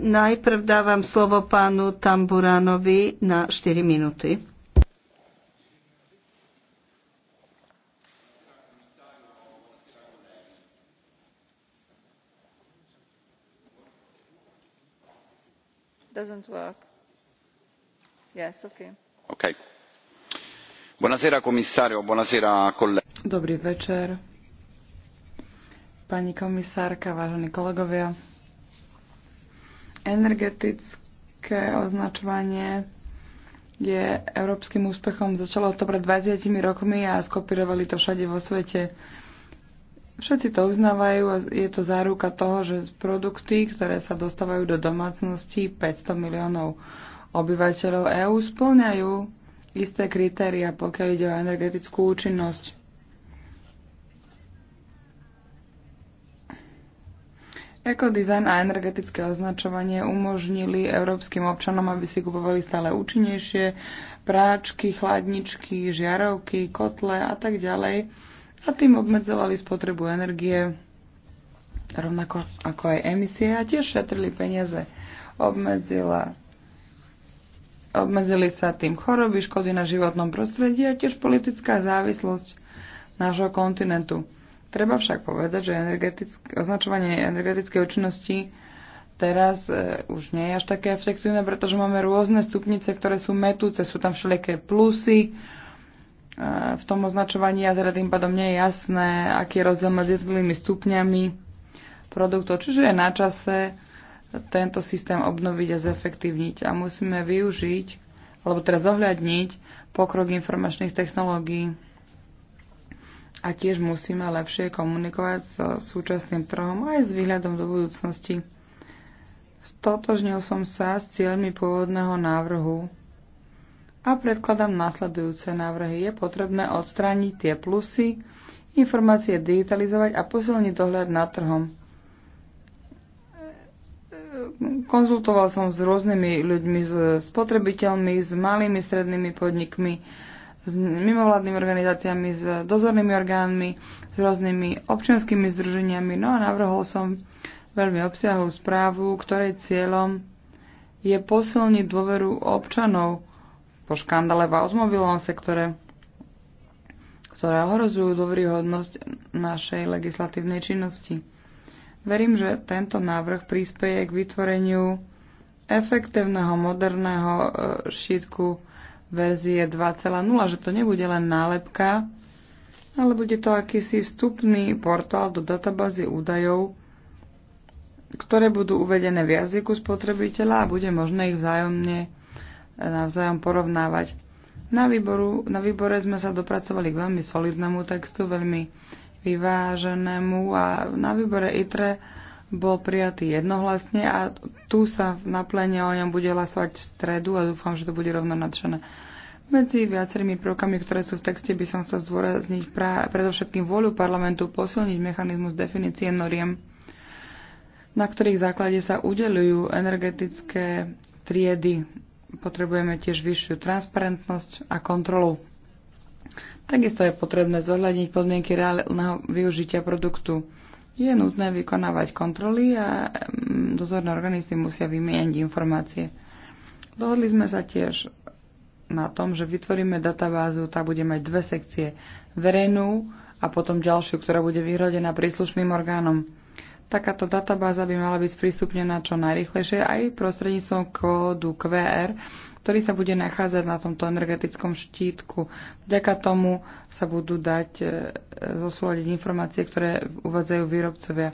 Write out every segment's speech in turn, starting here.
Najprv dávam slovo pánu Tamburánovi na 4 minúty. Doesn't work. Yes, okay. Okay. Buonasera commissario, buonasera colleghi. Dobrý večer. Pani komisárka, vážení kolegovia. Energetické označovanie je európskym úspechom. Začalo to pred 20 rokmi a skopírovali to všade vo svete. Všetci to uznávajú a je to záruka toho, že produkty, ktoré sa dostávajú do domácností 500 miliónov obyvateľov EÚ, splňajú isté kritéria, pokiaľ ide o energetickú účinnosť. Ekodizajn a energetické označovanie umožnili európskym občanom, aby si kupovali stále účinnejšie práčky, chladničky, žiarovky, kotle a tak ďalej a tým obmedzovali spotrebu energie rovnako ako aj emisie a tiež šetrili peniaze. Obmedzila Obmedzili sa tým choroby, škody na životnom prostredí a tiež politická závislosť nášho kontinentu. Treba však povedať, že energetick- označovanie energetickej účinnosti teraz e, už nie je až také efektívne, pretože máme rôzne stupnice, ktoré sú metúce, sú tam všelijaké plusy e, v tom označovaní a teda tým pádom nie je jasné, aký je rozdiel medzi jednotlivými stupňami produktov. Čiže je na čase tento systém obnoviť a zefektívniť a musíme využiť alebo teraz zohľadniť pokrok informačných technológií. A tiež musíme lepšie komunikovať so súčasným trhom aj s výhľadom do budúcnosti. Stotožnil som sa s cieľmi pôvodného návrhu a predkladám následujúce návrhy. Je potrebné odstrániť tie plusy, informácie digitalizovať a posilniť dohľad nad trhom. Konzultoval som s rôznymi ľuďmi, s spotrebiteľmi, s malými strednými podnikmi, s mimovládnymi organizáciami, s dozornými orgánmi, s rôznymi občianskými združeniami. No a navrhol som veľmi obsiahlu správu, ktorej cieľom je posilniť dôveru občanov po škandále v automobilovom sektore, ktoré ohrozujú dôveryhodnosť našej legislatívnej činnosti. Verím, že tento návrh prispieje k vytvoreniu efektívneho moderného e, šítku verzie 2.0, že to nebude len nálepka, ale bude to akýsi vstupný portál do databázy údajov, ktoré budú uvedené v jazyku spotrebiteľa a bude možné ich vzájomne e, navzájom porovnávať. Na, výboru, na výbore sme sa dopracovali k veľmi solidnému textu, veľmi vyváženému a na výbore ITRE bol prijatý jednohlasne a tu sa na plene o ňom bude hlasovať v stredu a dúfam, že to bude rovno nadšené. Medzi viacerými prvkami, ktoré sú v texte, by som chcel zdôrazniť pra- predovšetkým vôľu parlamentu posilniť mechanizmus definície noriem, na ktorých základe sa udelujú energetické triedy. Potrebujeme tiež vyššiu transparentnosť a kontrolu. Takisto je potrebné zohľadniť podmienky reálneho využitia produktu. Je nutné vykonávať kontroly a mm, dozorné orgány si musia vymieňať informácie. Dohodli sme sa tiež na tom, že vytvoríme databázu, tá bude mať dve sekcie. Verejnú a potom ďalšiu, ktorá bude vyhradená príslušným orgánom. Takáto databáza by mala byť sprístupnená čo najrychlejšie aj prostredníctvom kódu QR, ktorý sa bude nachádzať na tomto energetickom štítku. Vďaka tomu sa budú dať e, zosúľadiť informácie, ktoré uvádzajú výrobcovia.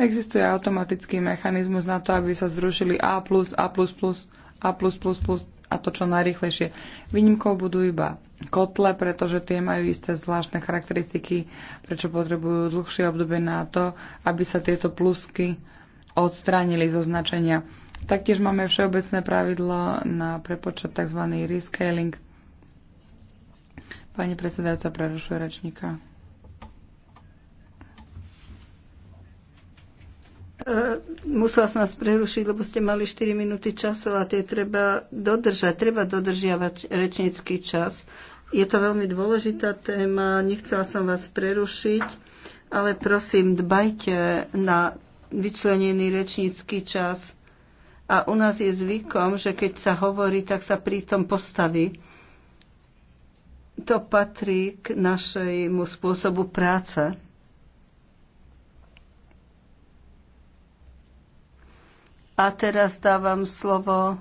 Existuje automatický mechanizmus na to, aby sa zrušili A+, A++, A++, a to čo najrychlejšie. Výnimkou budú iba kotle, pretože tie majú isté zvláštne charakteristiky, prečo potrebujú dlhšie obdobie na to, aby sa tieto plusky odstránili zo značenia. Taktiež máme všeobecné pravidlo na prepočet tzv. rescaling. Pani predsedajúca prerušuje rečníka. E, musela som vás prerušiť, lebo ste mali 4 minúty času a tie treba dodržať. Treba dodržiavať rečnícky čas. Je to veľmi dôležitá téma, nechcela som vás prerušiť, ale prosím, dbajte na vyčlenený rečnícky čas. A u nás je zvykom, že keď sa hovorí, tak sa pritom postaví. To patrí k našemu spôsobu práce. A teraz dávam slovo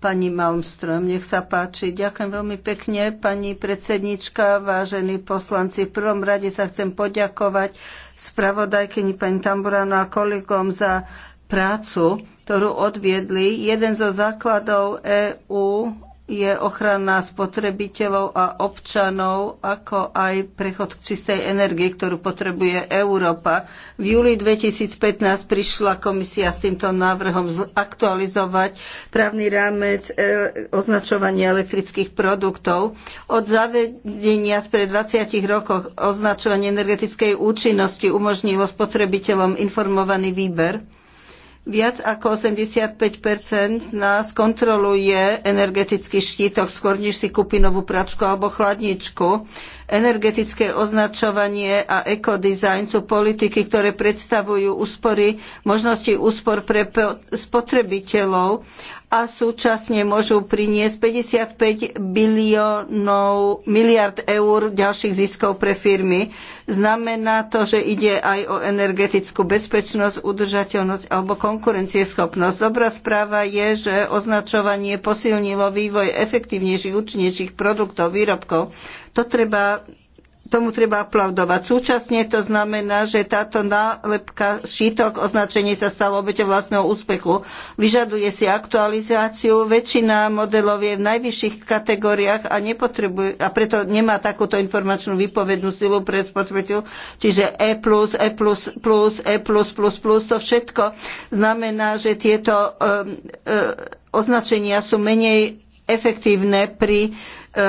pani Malmström. Nech sa páči. Ďakujem veľmi pekne, pani predsednička, vážení poslanci. V prvom rade sa chcem poďakovať spravodajkyni pani Tamburano a kolegom za prácu, ktorú odviedli. Jeden zo základov EÚ je ochrana spotrebiteľov a občanov, ako aj prechod k čistej energii, ktorú potrebuje Európa. V júli 2015 prišla komisia s týmto návrhom aktualizovať právny rámec e, označovania elektrických produktov. Od zavedenia spred 20 rokov označovanie energetickej účinnosti umožnilo spotrebiteľom informovaný výber Viac ako 85 nás kontroluje energetický štítok, skôr než si kúpi novú pračku alebo chladničku. Energetické označovanie a ekodizajn sú politiky, ktoré predstavujú úspory, možnosti úspor pre spotrebiteľov a súčasne môžu priniesť 55 biliónov, miliard eur ďalších ziskov pre firmy. Znamená to, že ide aj o energetickú bezpečnosť, udržateľnosť alebo konkurencieschopnosť. Dobrá správa je, že označovanie posilnilo vývoj efektívnejších, účinnejších produktov, výrobkov. To treba tomu treba aplaudovať. Súčasne to znamená, že táto nálepka šítok označenie sa stalo obeťou vlastného úspechu. Vyžaduje si aktualizáciu, väčšina modelov je v najvyšších kategóriách a, nepotrebuje, a preto nemá takúto informačnú výpovednú silu pre spotrebiteľ, Čiže E+, E++, E++, to všetko znamená, že tieto um, um, označenia sú menej efektívne pri e,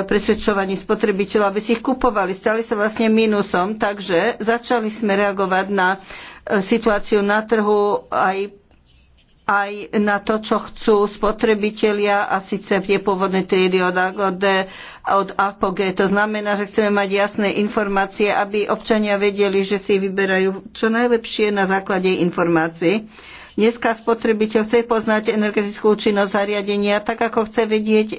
presvedčovaní spotrebiteľov, aby si ich kupovali. Stali sa vlastne mínusom, takže začali sme reagovať na e, situáciu na trhu aj aj na to, čo chcú spotrebitelia a síce tie pôvodné triedy od A od a od APOG. G. To znamená, že chceme mať jasné informácie, aby občania vedeli, že si vyberajú čo najlepšie na základe informácií. Dneska spotrebiteľ chce poznať energetickú účinnosť zariadenia, tak ako chce vedieť, e,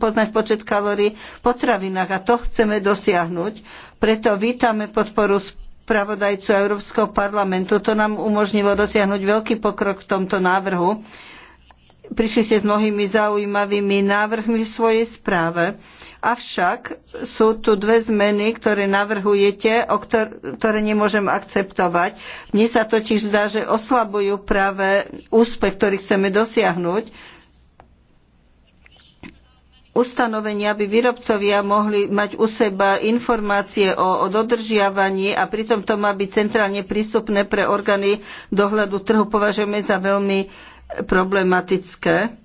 poznať počet kalórií v potravinách a to chceme dosiahnuť. Preto vítame podporu spravodajcu Európskeho parlamentu. To nám umožnilo dosiahnuť veľký pokrok v tomto návrhu. Prišli ste s mnohými zaujímavými návrhmi v svojej správe Avšak sú tu dve zmeny, ktoré navrhujete, o ktor- ktoré nemôžem akceptovať. Mne sa totiž zdá, že oslabujú práve úspech, ktorý chceme dosiahnuť. Ustanovenia, aby výrobcovia mohli mať u seba informácie o, o dodržiavaní a pritom to má byť centrálne prístupné pre orgány dohľadu trhu, považujeme za veľmi problematické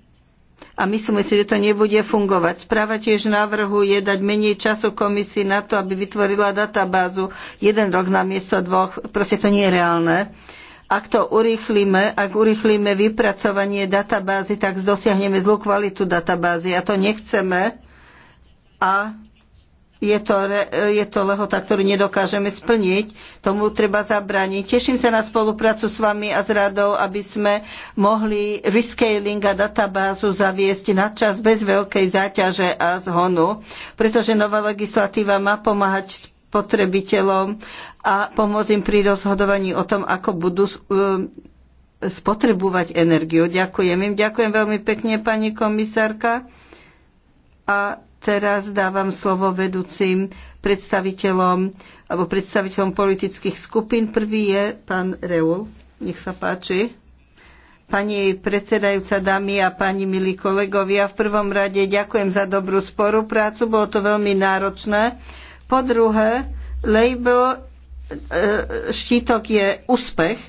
a myslíme si že to nebude fungovať. Správa tiež navrhuje dať menej času komisii na to, aby vytvorila databázu jeden rok na miesto dvoch. Proste to nie je reálne. Ak to urýchlime, ak urýchlime vypracovanie databázy, tak dosiahneme zlú kvalitu databázy a to nechceme. A je to, je to lehota, ktorú nedokážeme splniť. Tomu treba zabraniť. Teším sa na spoluprácu s vami a s radou, aby sme mohli rescaling a databázu zaviesť na čas bez veľkej záťaže a zhonu, pretože nová legislatíva má pomáhať spotrebiteľom a pomôcť im pri rozhodovaní o tom, ako budú e, spotrebovať energiu. Ďakujem im. Ďakujem veľmi pekne, pani komisárka. A teraz dávam slovo vedúcim predstaviteľom alebo predstaviteľom politických skupín. Prvý je pán Reul. Nech sa páči. Pani predsedajúca, dámy a pani milí kolegovia, v prvom rade ďakujem za dobrú spoluprácu, bolo to veľmi náročné. Po druhé, label e, štítok je úspech.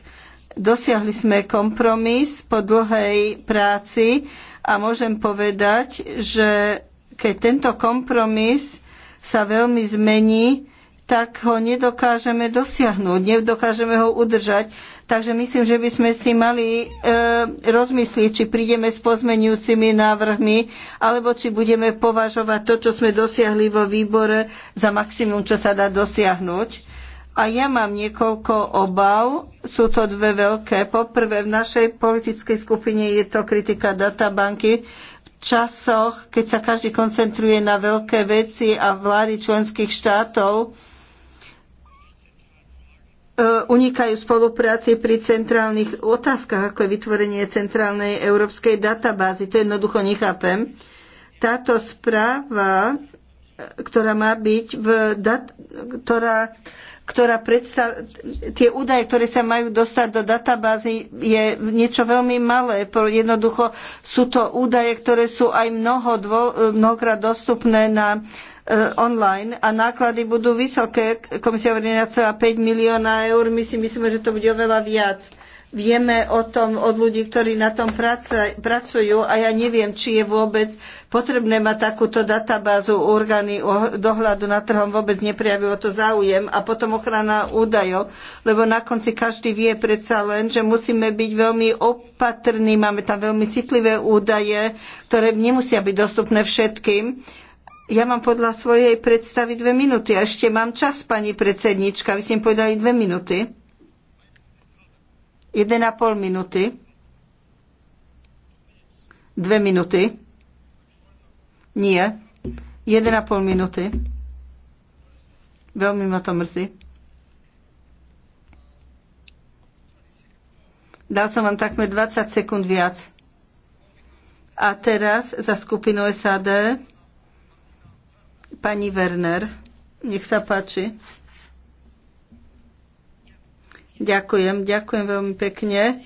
Dosiahli sme kompromis po dlhej práci a môžem povedať, že keď tento kompromis sa veľmi zmení, tak ho nedokážeme dosiahnuť, nedokážeme ho udržať. Takže myslím, že by sme si mali e, rozmyslieť, či prídeme s pozmenujúcimi návrhmi, alebo či budeme považovať to, čo sme dosiahli vo výbore, za maximum, čo sa dá dosiahnuť. A ja mám niekoľko obav. Sú to dve veľké. Poprvé, v našej politickej skupine je to kritika databanky, časoch, keď sa každý koncentruje na veľké veci a vlády členských štátov e, unikajú spolupráci pri centrálnych otázkach, ako je vytvorenie centrálnej európskej databázy. To jednoducho nechápem. Táto správa, e, ktorá má byť v dat- ktorá ktorá predstav... tie údaje, ktoré sa majú dostať do databázy, je niečo veľmi malé. Jednoducho sú to údaje, ktoré sú aj mnoho dvo... mnohokrát dostupné na eh, online a náklady budú vysoké. Komisia hovorí 1,5 milióna eur. My si myslíme, že to bude oveľa viac. Vieme o tom od ľudí, ktorí na tom pracujú a ja neviem, či je vôbec potrebné mať takúto databázu orgány dohľadu na trhom vôbec neprijavilo to záujem a potom ochrana údajov, lebo na konci každý vie predsa len, že musíme byť veľmi opatrní, máme tam veľmi citlivé údaje, ktoré nemusia byť dostupné všetkým. Ja mám podľa svojej predstavy dve minúty a ešte mám čas, pani predsednička. Vy ste mi povedali dve minúty. 1,5 minúty. 2 minúty. Nie. 1,5 minúty. Veľmi ma to mrzí. Dal som vám takmer 20 sekúnd viac. A teraz za skupinu SAD pani Werner. Nech sa páči. Ďakujem, ďakujem veľmi pekne.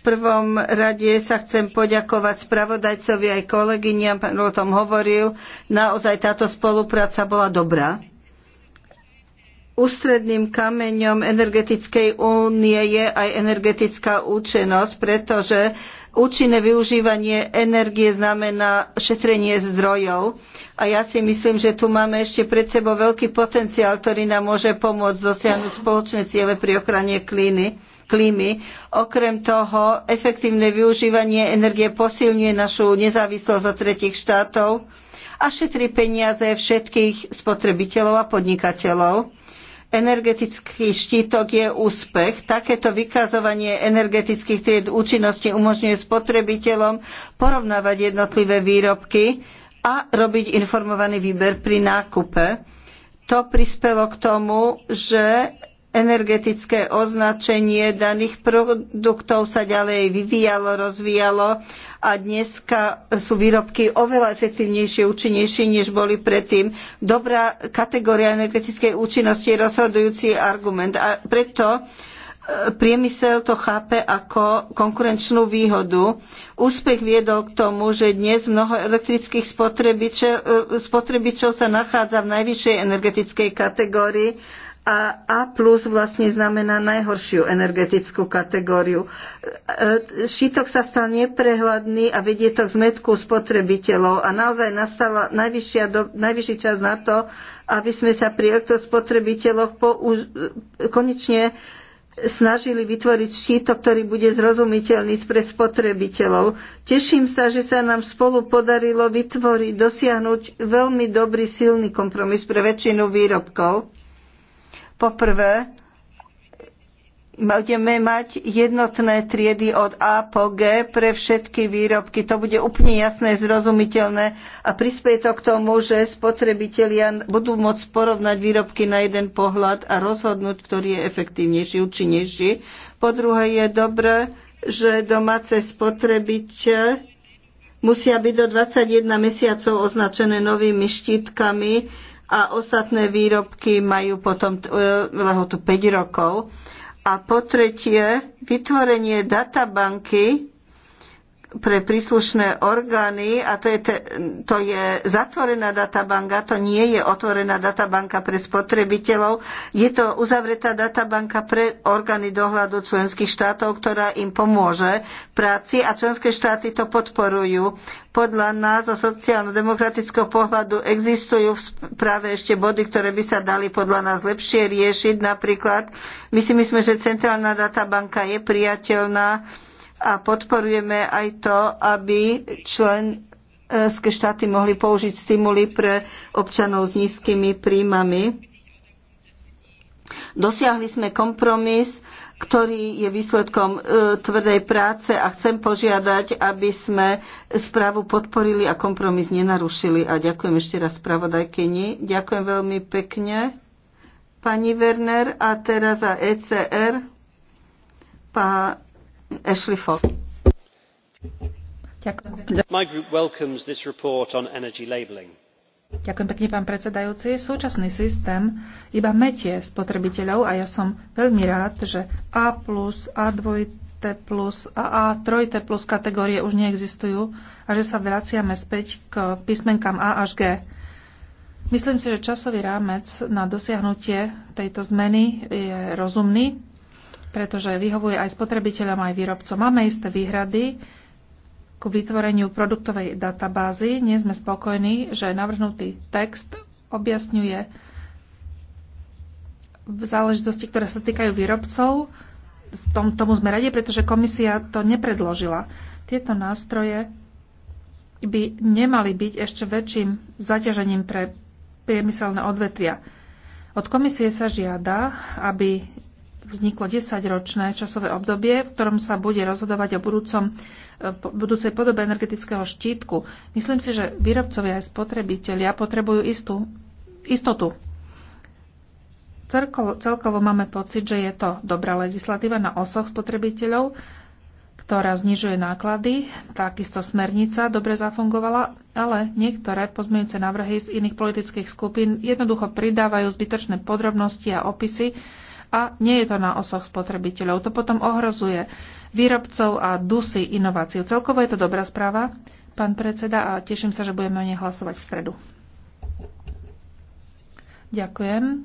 V prvom rade sa chcem poďakovať spravodajcovi aj kolegyniam, o tom hovoril. Naozaj táto spolupráca bola dobrá ústredným kameňom energetickej únie je aj energetická účinnosť, pretože účinné využívanie energie znamená šetrenie zdrojov. A ja si myslím, že tu máme ešte pred sebou veľký potenciál, ktorý nám môže pomôcť dosiahnuť spoločné ciele pri ochrane klíny klímy. Okrem toho, efektívne využívanie energie posilňuje našu nezávislosť od tretich štátov a šetrí peniaze všetkých spotrebiteľov a podnikateľov. Energetický štítok je úspech. Takéto vykazovanie energetických tried účinnosti umožňuje spotrebiteľom porovnávať jednotlivé výrobky a robiť informovaný výber pri nákupe. To prispelo k tomu, že energetické označenie daných produktov sa ďalej vyvíjalo, rozvíjalo a dnes sú výrobky oveľa efektívnejšie, účinnejšie, než boli predtým. Dobrá kategória energetickej účinnosti je rozhodujúci argument a preto e, priemysel to chápe ako konkurenčnú výhodu. Úspech viedol k tomu, že dnes mnoho elektrických spotrebičov, e, spotrebičov sa nachádza v najvyššej energetickej kategórii a A plus vlastne znamená najhoršiu energetickú kategóriu. E, šítok sa stal neprehľadný a vedie to k zmetku spotrebiteľov a naozaj nastala najvyššia do, najvyšší čas na to, aby sme sa pri elektrospotrebiteľoch už konečne snažili vytvoriť štítok, ktorý bude zrozumiteľný pre spotrebiteľov. Teším sa, že sa nám spolu podarilo vytvoriť, dosiahnuť veľmi dobrý, silný kompromis pre väčšinu výrobkov. Poprvé, budeme mať jednotné triedy od A po G pre všetky výrobky. To bude úplne jasné, zrozumiteľné a prispieje to k tomu, že spotrebitelia budú môcť porovnať výrobky na jeden pohľad a rozhodnúť, ktorý je efektívnejší, účinnejší. Po druhé je dobré, že domáce spotrebite musia byť do 21 mesiacov označené novými štítkami, a ostatné výrobky majú potom e, lehotu 5 rokov. A po tretie, vytvorenie databanky pre príslušné orgány a to je, te, to je zatvorená databanka, to nie je otvorená databanka pre spotrebiteľov, je to uzavretá databanka pre orgány dohľadu členských štátov, ktorá im pomôže v práci a členské štáty to podporujú. Podľa nás zo sociálno-demokratického pohľadu existujú práve ešte body, ktoré by sa dali podľa nás lepšie riešiť. Napríklad my si myslíme, že centrálna databanka je priateľná a podporujeme aj to, aby členské štáty mohli použiť stimuly pre občanov s nízkymi príjmami. Dosiahli sme kompromis, ktorý je výsledkom e, tvrdej práce a chcem požiadať, aby sme správu podporili a kompromis nenarušili. A ďakujem ešte raz spravodajkyni. Ďakujem veľmi pekne, pani Werner. A teraz za ECR pán Ashley Fox. Ďakujem. Ďakujem pekne, pán predsedajúci. Súčasný systém iba metie spotrebiteľov a ja som veľmi rád, že A+, A2+, a A3 plus kategórie už neexistujú a že sa vraciame späť k písmenkám A až G. Myslím si, že časový rámec na dosiahnutie tejto zmeny je rozumný pretože vyhovuje aj spotrebiteľom, aj výrobcom. Máme isté výhrady ku vytvoreniu produktovej databázy. Nie sme spokojní, že navrhnutý text objasňuje záležitosti, ktoré sa týkajú výrobcov. Tom, tomu sme radi, pretože komisia to nepredložila. Tieto nástroje by nemali byť ešte väčším zaťažením pre priemyselné odvetvia. Od komisie sa žiada, aby vzniklo 10-ročné časové obdobie, v ktorom sa bude rozhodovať o budúcom, e, budúcej podobe energetického štítku. Myslím si, že výrobcovia aj spotrebitelia potrebujú istú, istotu. Celkovo, celkovo máme pocit, že je to dobrá legislatíva na osoch spotrebiteľov, ktorá znižuje náklady. Takisto smernica dobre zafungovala, ale niektoré pozmeňujúce návrhy z iných politických skupín jednoducho pridávajú zbytočné podrobnosti a opisy, a nie je to na osoch spotrebiteľov. To potom ohrozuje výrobcov a dusy inováciu. Celkovo je to dobrá správa, pán predseda, a teším sa, že budeme o nej hlasovať v stredu. Ďakujem.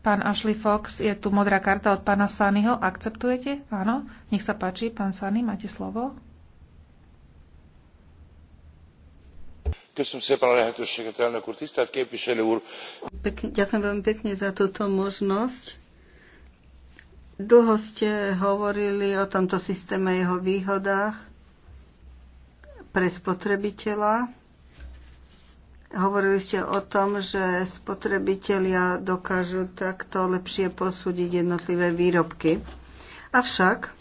Pán Ashley Fox, je tu modrá karta od pána Sányho. Akceptujete? Áno. Nech sa páči, pán Sany, máte slovo. ďakujem veľmi pekne za túto možnosť. Dlho ste hovorili o tomto systéme, jeho výhodách pre spotrebiteľa. Hovorili ste o tom, že spotrebitelia dokážu takto lepšie posúdiť jednotlivé výrobky. Avšak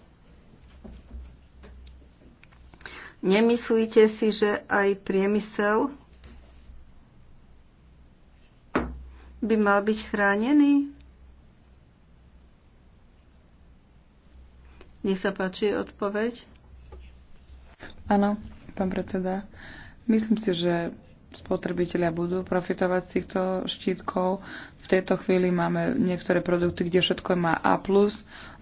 Nemyslíte si, že aj priemysel by mal byť chránený? Nech sa páči odpoveď. Áno, pán predseda. Myslím si, že spotrebitelia budú profitovať z týchto štítkov. V tejto chvíli máme niektoré produkty, kde všetko má A+,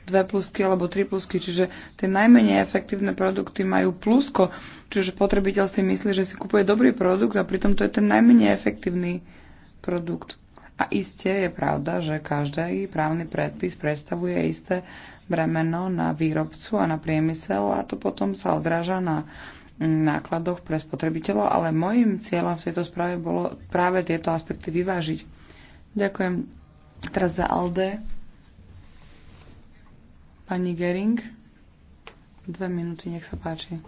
dve plusky alebo tri plusky, čiže tie najmenej efektívne produkty majú plusko, čiže potrebiteľ si myslí, že si kupuje dobrý produkt a pritom to je ten najmenej efektívny produkt. A iste je pravda, že každý právny predpis predstavuje isté bremeno na výrobcu a na priemysel a to potom sa odráža na nákladoch pre spotrebiteľov, ale môjim cieľom v tejto správe bolo práve tieto aspekty vyvážiť. Ďakujem teraz za Alde. Pani Gering, dve minúty, nech sa páči.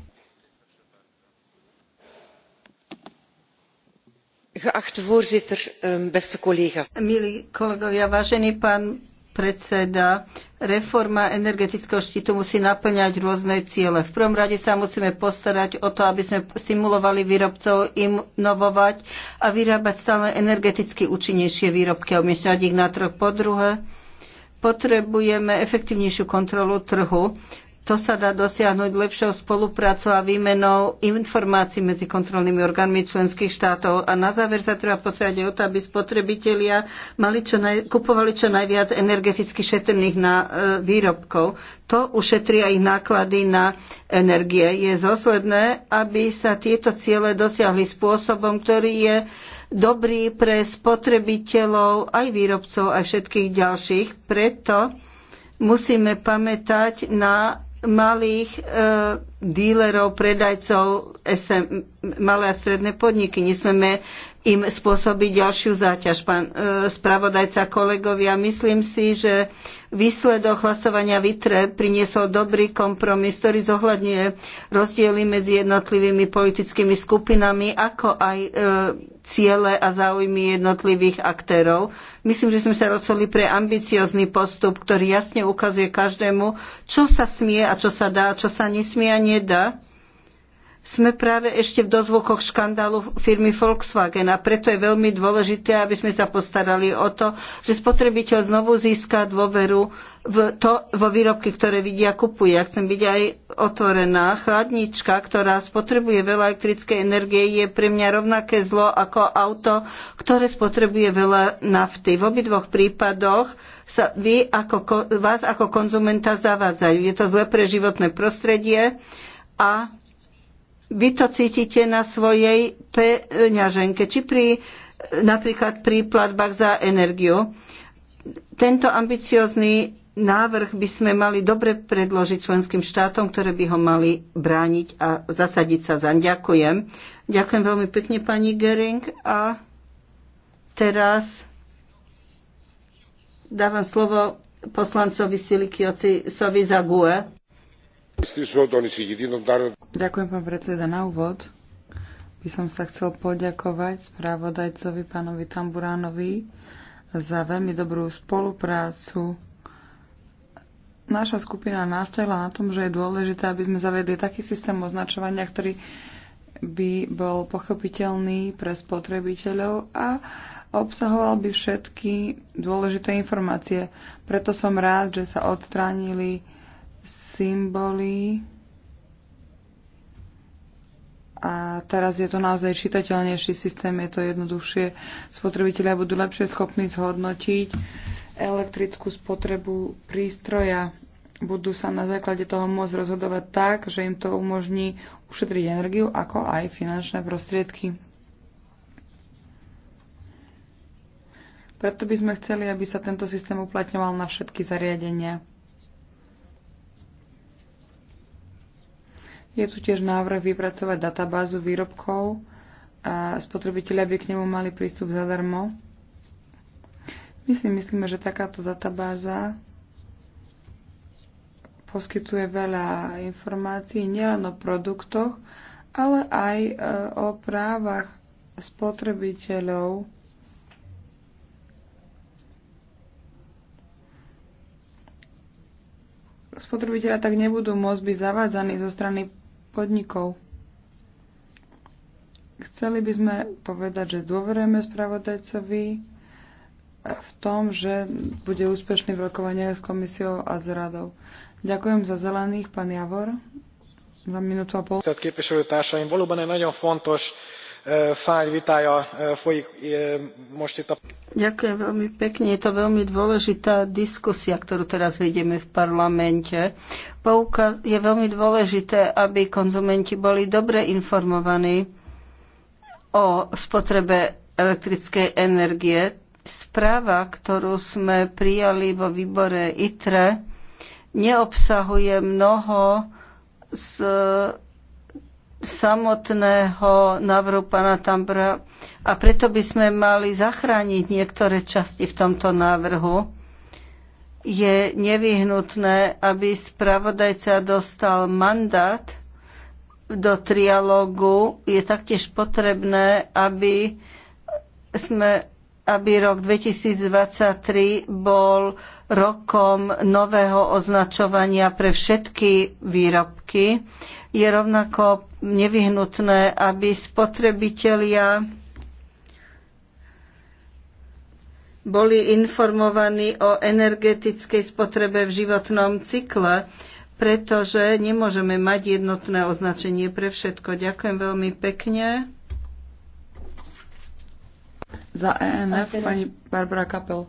Geacht voorzitter, ehm, beste collega's. Milí kolegovia, vážený pán predseda, reforma energetického štítu musí naplňať rôzne ciele. V prvom rade sa musíme postarať o to, aby sme stimulovali výrobcov inovovať a vyrábať stále energeticky účinnejšie výrobky a umiestňovať ich na trh. Po druhé, Potrebujeme efektívnejšiu kontrolu trhu. To sa dá dosiahnuť lepšou spoluprácou a výmenou informácií medzi kontrolnými orgánmi členských štátov. A na záver sa treba posiadať o to, aby spotrebitelia mali čo naj, kupovali čo najviac energeticky šetrných na, e, výrobkov. To ušetria ich náklady na energie. Je zosledné, aby sa tieto ciele dosiahli spôsobom, ktorý je dobrý pre spotrebiteľov, aj výrobcov, aj všetkých ďalších. Preto musíme pamätať na malých e, dílerov, predajcov, SM, malé a stredné podniky. Nesmeme im spôsobiť ďalšiu záťaž. Pán e, spravodajca, kolegovia, myslím si, že Výsledok hlasovania Vitre priniesol dobrý kompromis, ktorý zohľadňuje rozdiely medzi jednotlivými politickými skupinami, ako aj e, ciele a záujmy jednotlivých aktérov. Myslím, že sme sa rozhodli pre ambiciózny postup, ktorý jasne ukazuje každému, čo sa smie a čo sa dá, čo sa nesmie a nedá sme práve ešte v dozvukoch škandálu firmy Volkswagen a preto je veľmi dôležité, aby sme sa postarali o to, že spotrebiteľ znovu získa dôveru v to, vo výrobky, ktoré vidia kupuje. Ja chcem byť aj otvorená. Chladnička, ktorá spotrebuje veľa elektrickej energie, je pre mňa rovnaké zlo ako auto, ktoré spotrebuje veľa nafty. V obidvoch prípadoch sa vy ako, vás ako konzumenta zavádzajú. Je to zle pre životné prostredie a vy to cítite na svojej peňaženke, či pri, napríklad pri platbách za energiu. Tento ambiciozný návrh by sme mali dobre predložiť členským štátom, ktoré by ho mali brániť a zasadiť sa zaň. Ďakujem. Ďakujem veľmi pekne, pani Gering. A teraz dávam slovo poslancovi Silikiotisovi za GUE. Ďakujem, pán predseda. Na úvod by som sa chcel poďakovať správodajcovi pánovi Tamburánovi za veľmi dobrú spoluprácu. Naša skupina nastojila na tom, že je dôležité, aby sme zavedli taký systém označovania, ktorý by bol pochopiteľný pre spotrebiteľov a obsahoval by všetky dôležité informácie. Preto som rád, že sa odstránili symboly. A teraz je to naozaj čitateľnejší systém, je to jednoduchšie. Spotrebitelia budú lepšie schopní zhodnotiť elektrickú spotrebu prístroja. Budú sa na základe toho môcť rozhodovať tak, že im to umožní ušetriť energiu, ako aj finančné prostriedky. Preto by sme chceli, aby sa tento systém uplatňoval na všetky zariadenia. Je tu tiež návrh vypracovať databázu výrobkov a spotrebitelia by k nemu mali prístup zadarmo. My si myslíme, že takáto databáza poskytuje veľa informácií nielen o produktoch, ale aj e, o právach spotrebiteľov. Spotrebiteľa tak nebudú môcť byť zavádzaní zo strany podnikov. Chceli by sme povedať, že dôverujeme spravodajcovi v tom, že bude úspešný v rokovaniach s komisiou a s radou. Ďakujem za zelených, pán Javor. Za minútu a pol. Valóban egy nagyon fontos E, fájl vitája e, folyik e, most itt a... Ďakujem veľmi pekne. Je to veľmi dôležitá diskusia, ktorú teraz vedieme v parlamente. je veľmi dôležité, aby konzumenti boli dobre informovaní o spotrebe elektrickej energie. Správa, ktorú sme prijali vo výbore ITRE, neobsahuje mnoho z samotného návrhu pána Tambra a preto by sme mali zachrániť niektoré časti v tomto návrhu. Je nevyhnutné, aby spravodajca dostal mandát do trialógu. Je taktiež potrebné, aby, sme, aby rok 2023 bol rokom nového označovania pre všetky výrobky je rovnako nevyhnutné, aby spotrebitelia boli informovaní o energetickej spotrebe v životnom cykle, pretože nemôžeme mať jednotné označenie pre všetko. Ďakujem veľmi pekne. Za ENF pani Barbara Kapel.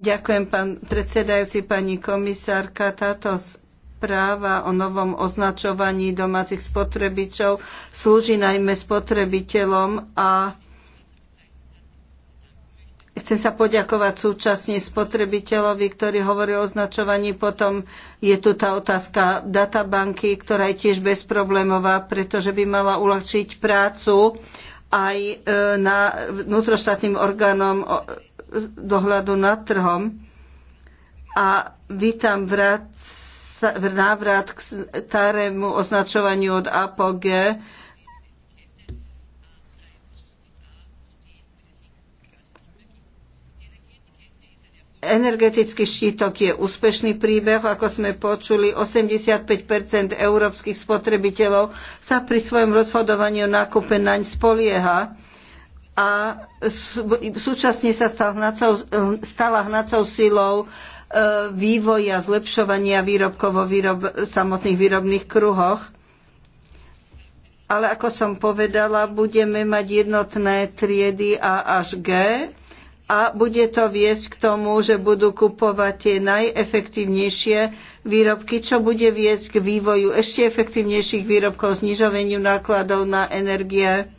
Ďakujem, pán predsedajúci, pani komisárka. Táto práva o novom označovaní domácich spotrebičov slúži najmä spotrebiteľom a chcem sa poďakovať súčasne spotrebiteľovi, ktorý hovorí o označovaní. Potom je tu tá otázka databanky, ktorá je tiež bezproblémová, pretože by mala uľahčiť prácu aj e, na vnútroštátnym orgánom dohľadu nad trhom. A vítam vrát návrat k starému označovaniu od A po G. Energetický štítok je úspešný príbeh, ako sme počuli, 85 európskych spotrebiteľov sa pri svojom rozhodovaní o nákupe naň spolieha a súčasne sa stal hnacou, um, stala hnacou silou uh, vývoja, zlepšovania výrobkov vo výrob, samotných výrobných kruhoch. Ale ako som povedala, budeme mať jednotné triedy A až G a bude to viesť k tomu, že budú kupovať tie najefektívnejšie výrobky, čo bude viesť k vývoju ešte efektívnejších výrobkov, znižoveniu nákladov na energie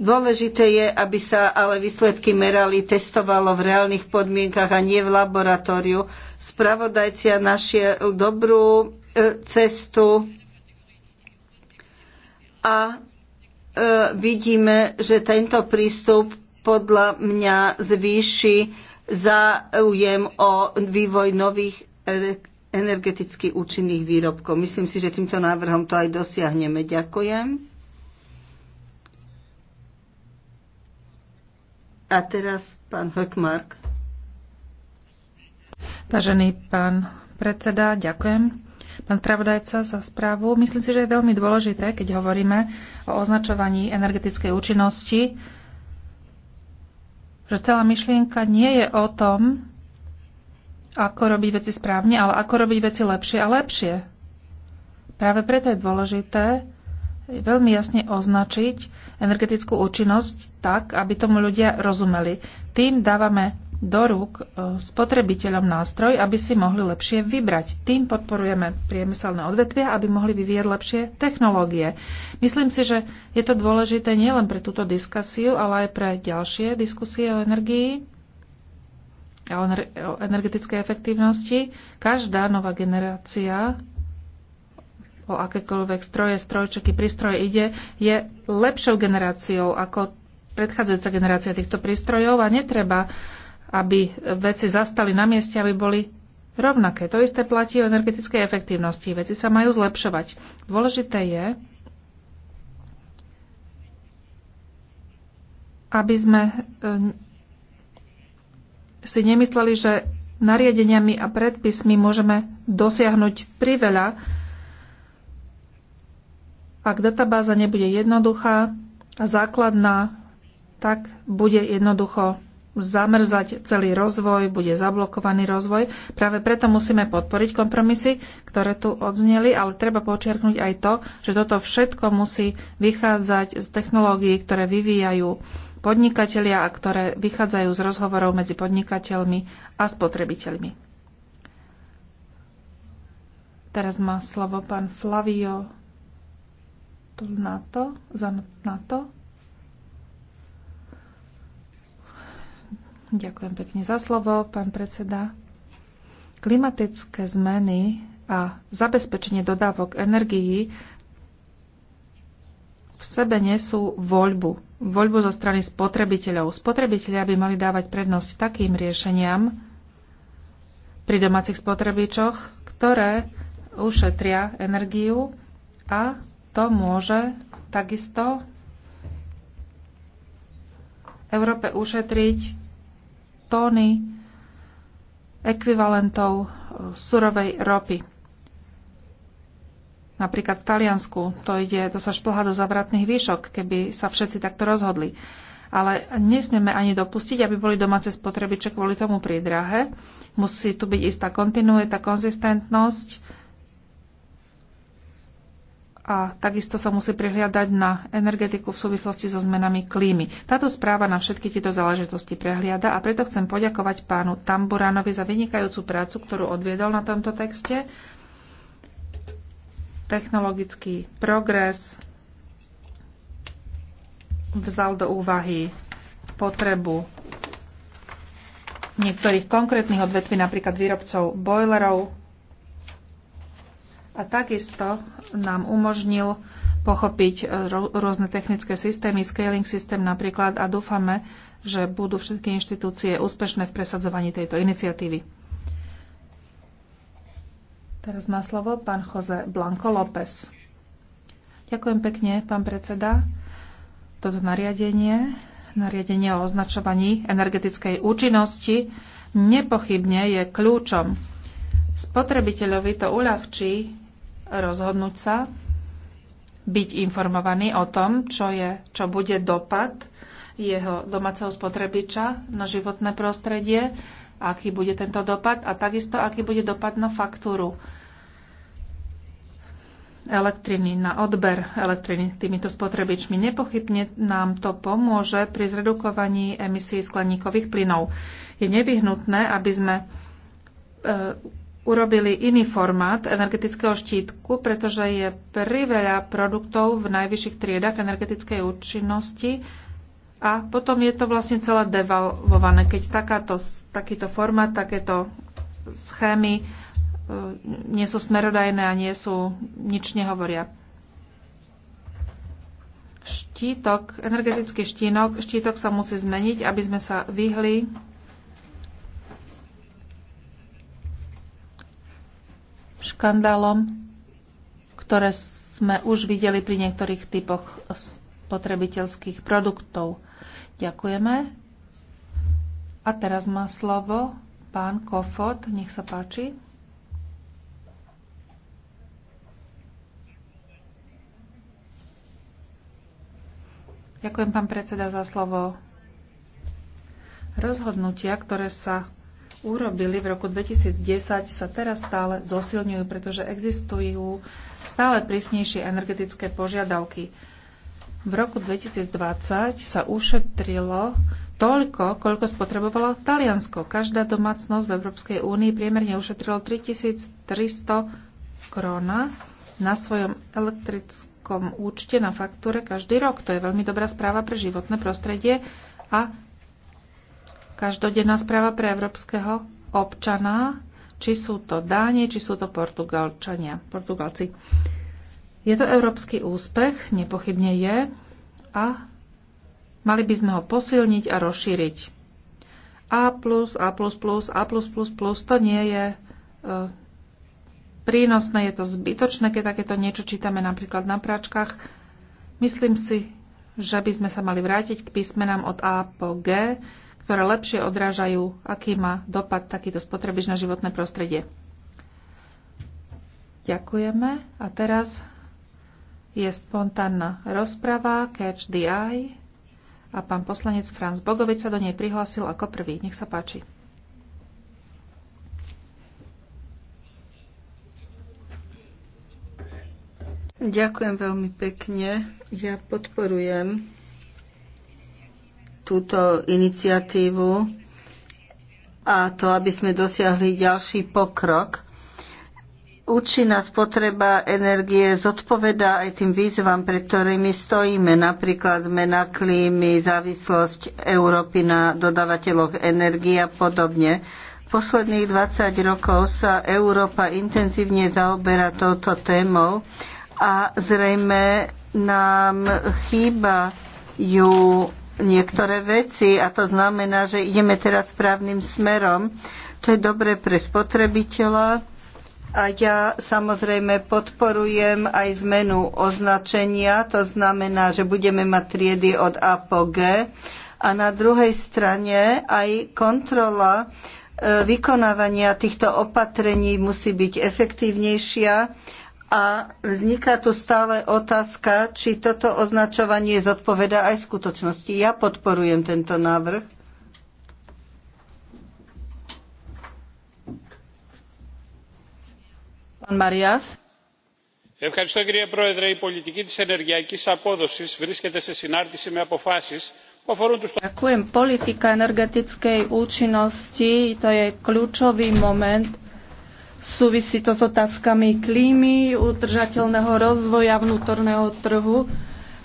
Dôležité je, aby sa ale výsledky merali, testovalo v reálnych podmienkach a nie v laboratóriu. Spravodajcia našiel dobrú e, cestu a e, vidíme, že tento prístup podľa mňa zvýši záujem o vývoj nových e, energeticky účinných výrobkov. Myslím si, že týmto návrhom to aj dosiahneme. Ďakujem. A teraz pán Hökmark. Vážený pán predseda, ďakujem. Pán spravodajca za správu. Myslím si, že je veľmi dôležité, keď hovoríme o označovaní energetickej účinnosti, že celá myšlienka nie je o tom, ako robiť veci správne, ale ako robiť veci lepšie a lepšie. Práve preto je dôležité, veľmi jasne označiť energetickú účinnosť tak, aby tomu ľudia rozumeli. Tým dávame do rúk e, spotrebiteľom nástroj, aby si mohli lepšie vybrať. Tým podporujeme priemyselné odvetvia, aby mohli vyvíjať lepšie technológie. Myslím si, že je to dôležité nielen pre túto diskusiu, ale aj pre ďalšie diskusie o energii a o energetickej efektívnosti. Každá nová generácia o akékoľvek stroje, strojčeky, prístroje ide, je lepšou generáciou ako predchádzajúca generácia týchto prístrojov a netreba, aby veci zastali na mieste, aby boli rovnaké. To isté platí o energetickej efektívnosti. Veci sa majú zlepšovať. Dôležité je, aby sme eh, si nemysleli, že nariadeniami a predpismi môžeme dosiahnuť priveľa, ak databáza nebude jednoduchá a základná, tak bude jednoducho zamrzať celý rozvoj, bude zablokovaný rozvoj. Práve preto musíme podporiť kompromisy, ktoré tu odzneli, ale treba počiarknúť aj to, že toto všetko musí vychádzať z technológií, ktoré vyvíjajú podnikatelia a ktoré vychádzajú z rozhovorov medzi podnikateľmi a spotrebiteľmi. Teraz má slovo pán Flavio to, za to. Ďakujem pekne za slovo, pán predseda. Klimatické zmeny a zabezpečenie dodávok energií v sebe nesú voľbu. Voľbu zo strany spotrebiteľov. Spotrebitelia by mali dávať prednosť takým riešeniam pri domácich spotrebičoch, ktoré ušetria energiu a to môže takisto Európe ušetriť tóny ekvivalentov e, surovej ropy. Napríklad v Taliansku to, ide, to sa šplha do zavratných výšok, keby sa všetci takto rozhodli. Ale nesmieme ani dopustiť, aby boli domáce spotrebiče kvôli tomu prídrahe. Musí tu byť istá kontinuita, konzistentnosť a takisto sa musí prihliadať na energetiku v súvislosti so zmenami klímy. Táto správa na všetky tieto záležitosti prehliada a preto chcem poďakovať pánu Tamburánovi za vynikajúcu prácu, ktorú odviedol na tomto texte. Technologický progres vzal do úvahy potrebu niektorých konkrétnych odvetví, napríklad výrobcov bojlerov, a takisto nám umožnil pochopiť e, rôzne technické systémy, scaling systém napríklad a dúfame, že budú všetky inštitúcie úspešné v presadzovaní tejto iniciatívy. Teraz má slovo pán Jose Blanco López. Ďakujem pekne, pán predseda. Toto nariadenie, nariadenie o označovaní energetickej účinnosti, nepochybne je kľúčom. Spotrebiteľovi to uľahčí rozhodnúť sa, byť informovaný o tom, čo, je, čo bude dopad jeho domáceho spotrebiča na životné prostredie, aký bude tento dopad a takisto aký bude dopad na faktúru elektriny, na odber elektriny týmito spotrebičmi. Nepochybne nám to pomôže pri zredukovaní emisí skleníkových plynov. Je nevyhnutné, aby sme e, urobili iný formát energetického štítku, pretože je priveľa produktov v najvyšších triedach energetickej účinnosti a potom je to vlastne celé devalvované. Keď takáto, takýto formát, takéto schémy e, nie sú smerodajné a nie sú, nič nehovoria. Štítok, energetický štínok, štítok sa musí zmeniť, aby sme sa vyhli škandálom, ktoré sme už videli pri niektorých typoch spotrebiteľských produktov. Ďakujeme. A teraz má slovo pán Kofot. Nech sa páči. Ďakujem, pán predseda, za slovo. Rozhodnutia, ktoré sa urobili v roku 2010, sa teraz stále zosilňujú, pretože existujú stále prísnejšie energetické požiadavky. V roku 2020 sa ušetrilo toľko, koľko spotrebovalo Taliansko. Každá domácnosť v Európskej únii priemerne ušetrilo 3300 krona na svojom elektrickom účte na faktúre každý rok. To je veľmi dobrá správa pre životné prostredie a každodenná správa pre európskeho občana, či sú to Dáni, či sú to Portugalčania, Portugalci. Je to európsky úspech, nepochybne je, a mali by sme ho posilniť a rozšíriť. A+, A++, A++, to nie je e, prínosné, je to zbytočné, keď takéto niečo čítame napríklad na práčkach. Myslím si, že by sme sa mali vrátiť k písmenám od A po G, ktoré lepšie odrážajú, aký má dopad takýto spotrebič na životné prostredie. Ďakujeme. A teraz je spontánna rozprava Catch the Eye a pán poslanec Franz Bogovič sa do nej prihlásil ako prvý. Nech sa páči. Ďakujem veľmi pekne. Ja podporujem túto iniciatívu a to, aby sme dosiahli ďalší pokrok. Účinná spotreba energie zodpovedá aj tým výzvam, pred ktorými stojíme, napríklad zmena klímy, závislosť Európy na dodávateľoch energie a podobne posledných 20 rokov sa Európa intenzívne zaoberá touto témou a zrejme nám chýba ju niektoré veci a to znamená, že ideme teraz správnym smerom. To je dobre pre spotrebiteľa a ja samozrejme podporujem aj zmenu označenia, to znamená, že budeme mať triedy od A po G a na druhej strane aj kontrola e, vykonávania týchto opatrení musí byť efektívnejšia a vzniká tu stále otázka, či toto označovanie zodpoveda aj skutočnosti. Ja podporujem tento návrh. Pán Marias. Ευχαριστώ κύριε Πρόεδρε. Η πολιτική της ενεργειακής απόδοσης βρίσκεται σε συνάρτηση με αποφάσεις που αφορούν τους... Ακούμε, πολιτικά energetickej účinnosti, το είναι κλούτσοβη moment Súvisí to s otázkami klímy, udržateľného rozvoja vnútorného trhu,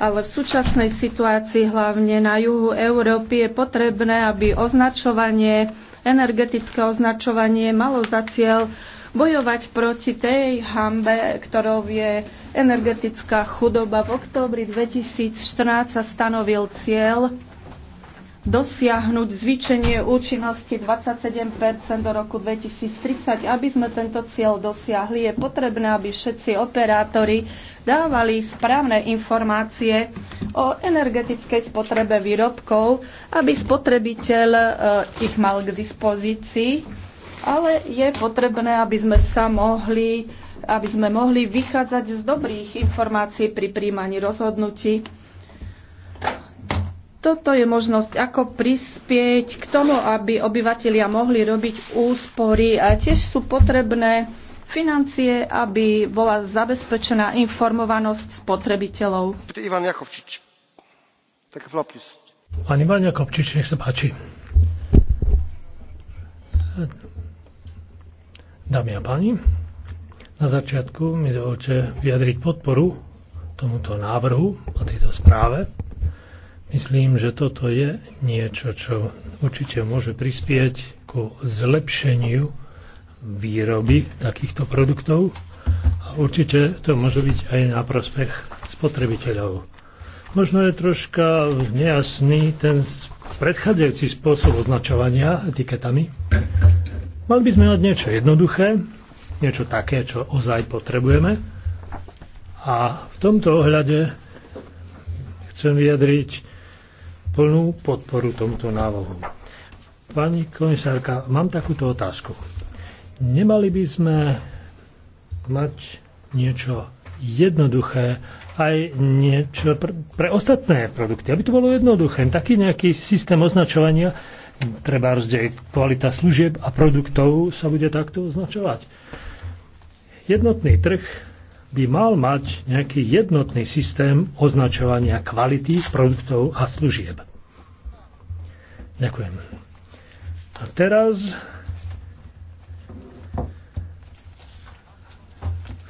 ale v súčasnej situácii, hlavne na juhu Európy, je potrebné, aby označovanie, energetické označovanie malo za cieľ bojovať proti tej hambe, ktorou je energetická chudoba. V októbri 2014 sa stanovil cieľ dosiahnuť zvýšenie účinnosti 27 do roku 2030. Aby sme tento cieľ dosiahli, je potrebné, aby všetci operátori dávali správne informácie o energetickej spotrebe výrobkov, aby spotrebiteľ e, ich mal k dispozícii, ale je potrebné, aby sme sa mohli aby sme mohli vychádzať z dobrých informácií pri príjmaní rozhodnutí toto je možnosť, ako prispieť k tomu, aby obyvatelia mohli robiť úspory a tiež sú potrebné financie, aby bola zabezpečená informovanosť spotrebiteľov. Ivan Jakovčič. Tak vlapis. Pán Ivan Jakovčič, nech sa páči. Dámy a páni, na začiatku mi dovolte vyjadriť podporu tomuto návrhu a tejto správe. Myslím, že toto je niečo, čo určite môže prispieť ku zlepšeniu výroby takýchto produktov a určite to môže byť aj na prospech spotrebiteľov. Možno je troška nejasný ten predchádzajúci spôsob označovania etiketami. Mali by sme mať niečo jednoduché, niečo také, čo ozaj potrebujeme. A v tomto ohľade chcem vyjadriť plnú podporu tomuto návrhu. Pani komisárka, mám takúto otázku. Nemali by sme mať niečo jednoduché, aj niečo pre, pre ostatné produkty, aby to bolo jednoduché. Taký nejaký systém označovania, treba rozdiel kvalita služieb a produktov sa bude takto označovať. Jednotný trh by mal mať nejaký jednotný systém označovania kvality produktov a služieb. Ďakujem. A teraz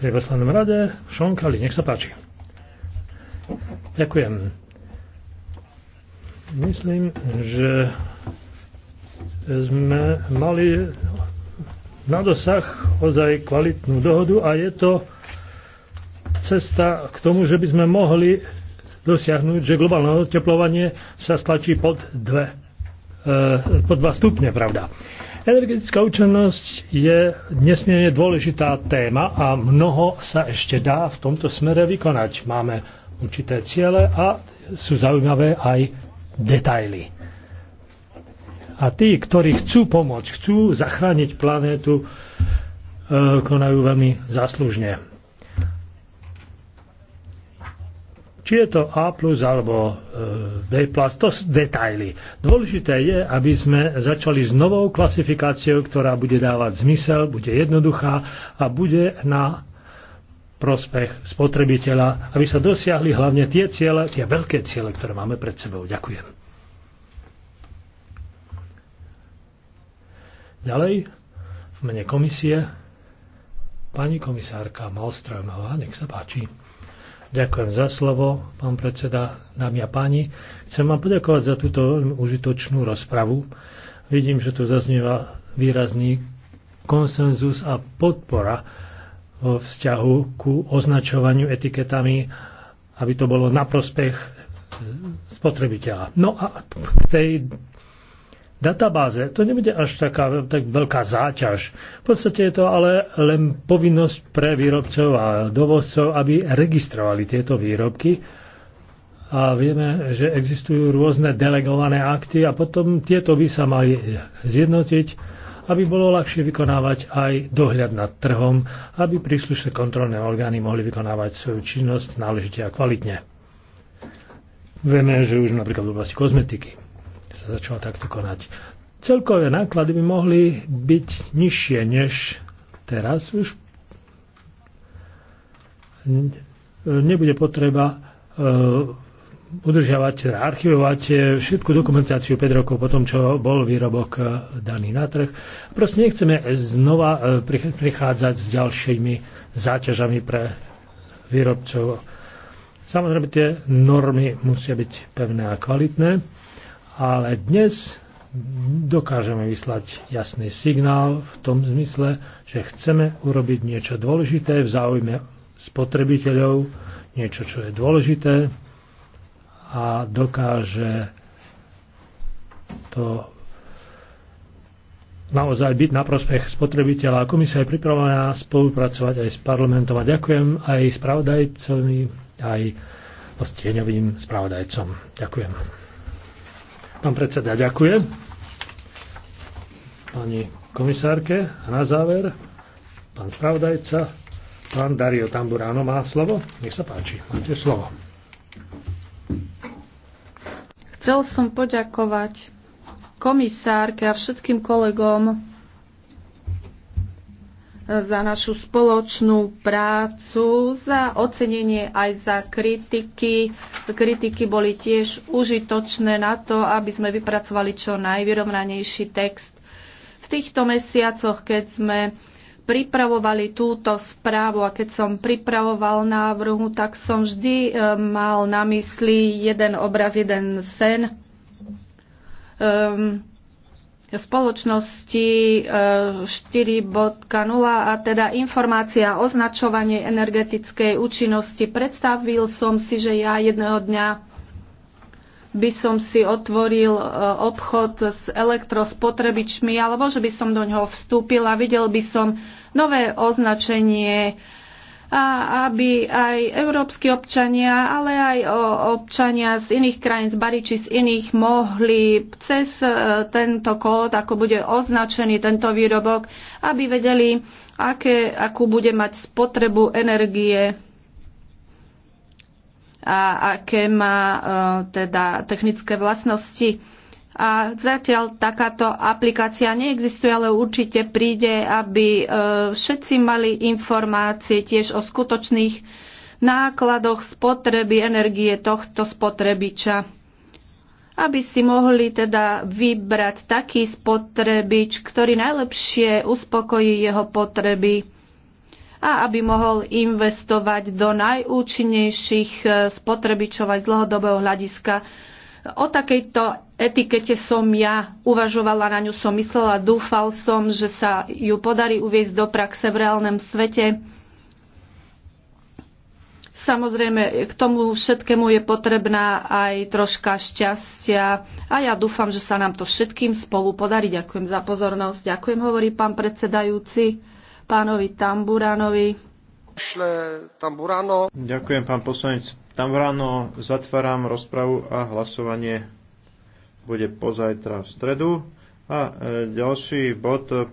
v poslednom rade Šonkali, nech sa páči. Ďakujem. Myslím, že sme mali na dosah ozaj kvalitnú dohodu a je to cesta k tomu, že by sme mohli dosiahnuť, že globálne oteplovanie sa stlačí pod 2 Eh, po 2 stupne, pravda. Energetická účinnosť je nesmierne dôležitá téma a mnoho sa ešte dá v tomto smere vykonať. Máme určité ciele a sú zaujímavé aj detaily. A tí, ktorí chcú pomôcť, chcú zachrániť planétu, eh, konajú veľmi záslužne. Či je to A plus alebo e, B plus, to sú detaily. Dôležité je, aby sme začali s novou klasifikáciou, ktorá bude dávať zmysel, bude jednoduchá a bude na prospech spotrebiteľa, aby sa dosiahli hlavne tie ciele, tie veľké ciele, ktoré máme pred sebou. Ďakujem. Ďalej, v mene komisie, pani komisárka Malstrojmová, nech sa páči. Ďakujem za slovo, pán predseda, dámy a páni. Chcem vám poďakovať za túto užitočnú rozpravu. Vidím, že tu zaznieva výrazný konsenzus a podpora vo vzťahu ku označovaniu etiketami, aby to bolo na prospech spotrebiteľa. No a k tej databáze, to nebude až taká tak veľká záťaž. V podstate je to ale len povinnosť pre výrobcov a dovozcov, aby registrovali tieto výrobky. A vieme, že existujú rôzne delegované akty a potom tieto by sa mali zjednotiť, aby bolo ľahšie vykonávať aj dohľad nad trhom, aby príslušné kontrolné orgány mohli vykonávať svoju činnosť náležite a kvalitne. Vieme, že už napríklad v oblasti kozmetiky sa začalo takto konať. Celkové náklady by mohli byť nižšie než teraz už. Nebude potreba e, udržiavať, archivovať všetku dokumentáciu 5 rokov po tom, čo bol výrobok e, daný na trh. Proste nechceme znova e, prichádzať s ďalšími záťažami pre výrobcov. Samozrejme, tie normy musia byť pevné a kvalitné. Ale dnes dokážeme vyslať jasný signál v tom zmysle, že chceme urobiť niečo dôležité v záujme spotrebiteľov, niečo, čo je dôležité a dokáže to naozaj byť na prospech spotrebiteľa. Komisia je pripravená spolupracovať aj s parlamentom a ďakujem aj spravodajcovi, aj stieňovým spravodajcom. Ďakujem. Pán predseda, ďakujem. Pani komisárke, a na záver, pán spravodajca, pán Dario Tamburáno má slovo. Nech sa páči, máte slovo. Chcel som poďakovať komisárke a všetkým kolegom, za našu spoločnú prácu, za ocenenie aj za kritiky. Kritiky boli tiež užitočné na to, aby sme vypracovali čo najvyrovnanejší text. V týchto mesiacoch, keď sme pripravovali túto správu a keď som pripravoval návrhu, tak som vždy e, mal na mysli jeden obraz, jeden sen. Um, spoločnosti 4.0 eh, a teda informácia o označovanie energetickej účinnosti. Predstavil som si, že ja jedného dňa by som si otvoril eh, obchod s elektrospotrebičmi alebo že by som do ňoho vstúpil a videl by som nové označenie a aby aj európsky občania, ale aj občania z iných krajín, z Bariči, či z iných mohli cez e, tento kód, ako bude označený tento výrobok, aby vedeli, aké, akú bude mať spotrebu energie a aké má e, teda technické vlastnosti. A zatiaľ takáto aplikácia neexistuje, ale určite príde, aby e, všetci mali informácie tiež o skutočných nákladoch spotreby energie tohto spotrebiča aby si mohli teda vybrať taký spotrebič, ktorý najlepšie uspokojí jeho potreby a aby mohol investovať do najúčinnejších e, spotrebičov aj z dlhodobého hľadiska. O takejto etikete som ja uvažovala, na ňu som myslela, dúfal som, že sa ju podarí uviezť do praxe v reálnom svete. Samozrejme, k tomu všetkému je potrebná aj troška šťastia a ja dúfam, že sa nám to všetkým spolu podarí. Ďakujem za pozornosť. Ďakujem, hovorí pán predsedajúci, pánovi Tamburanovi. Ďakujem, pán poslanec Tamburano. Zatváram rozpravu a hlasovanie bude pozajtra v stredu. A e, ďalší bod